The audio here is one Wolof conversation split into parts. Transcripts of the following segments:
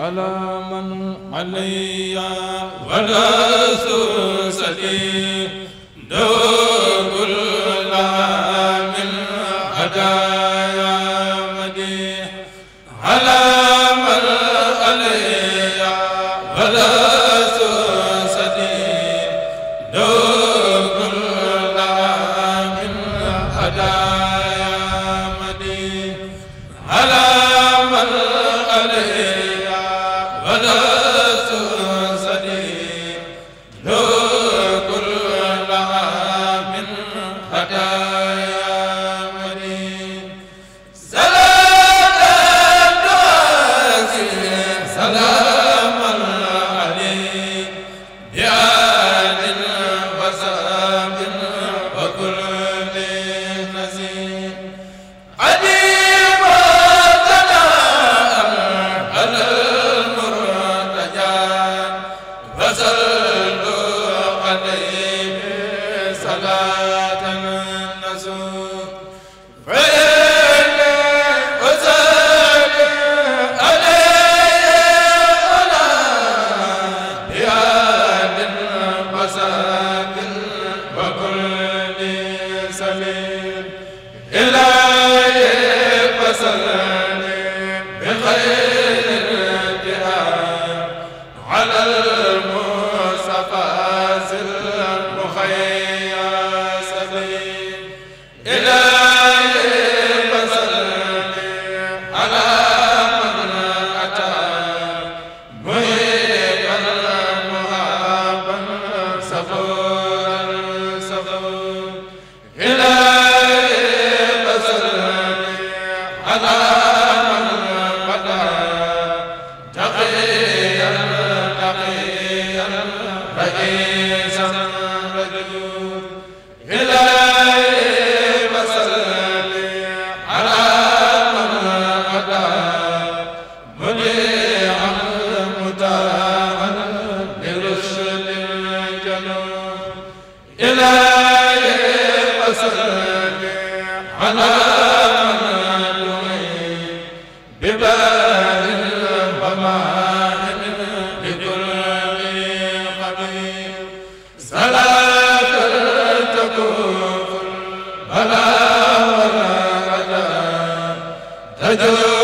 على من علي ولا سلسلين ta Ajoo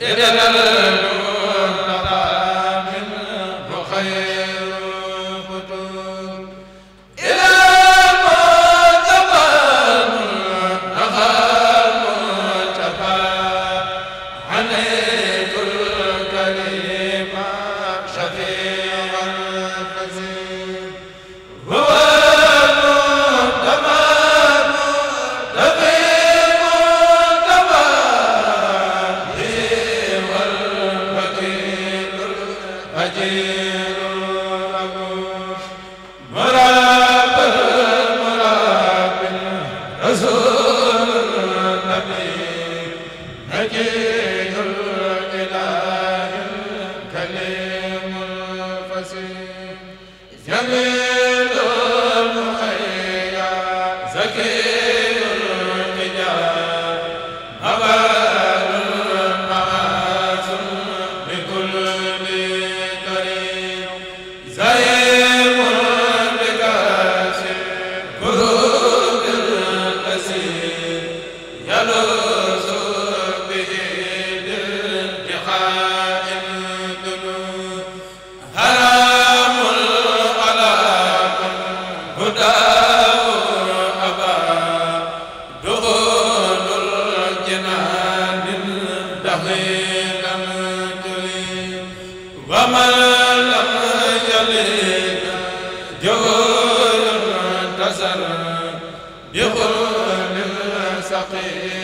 e yàlla يقول للسقيم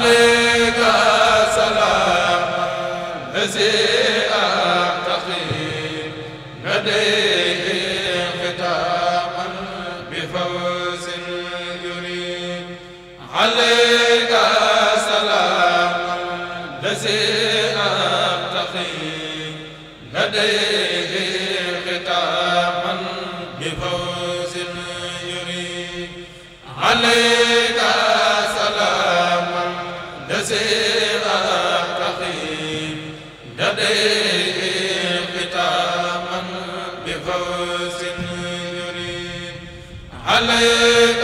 day ala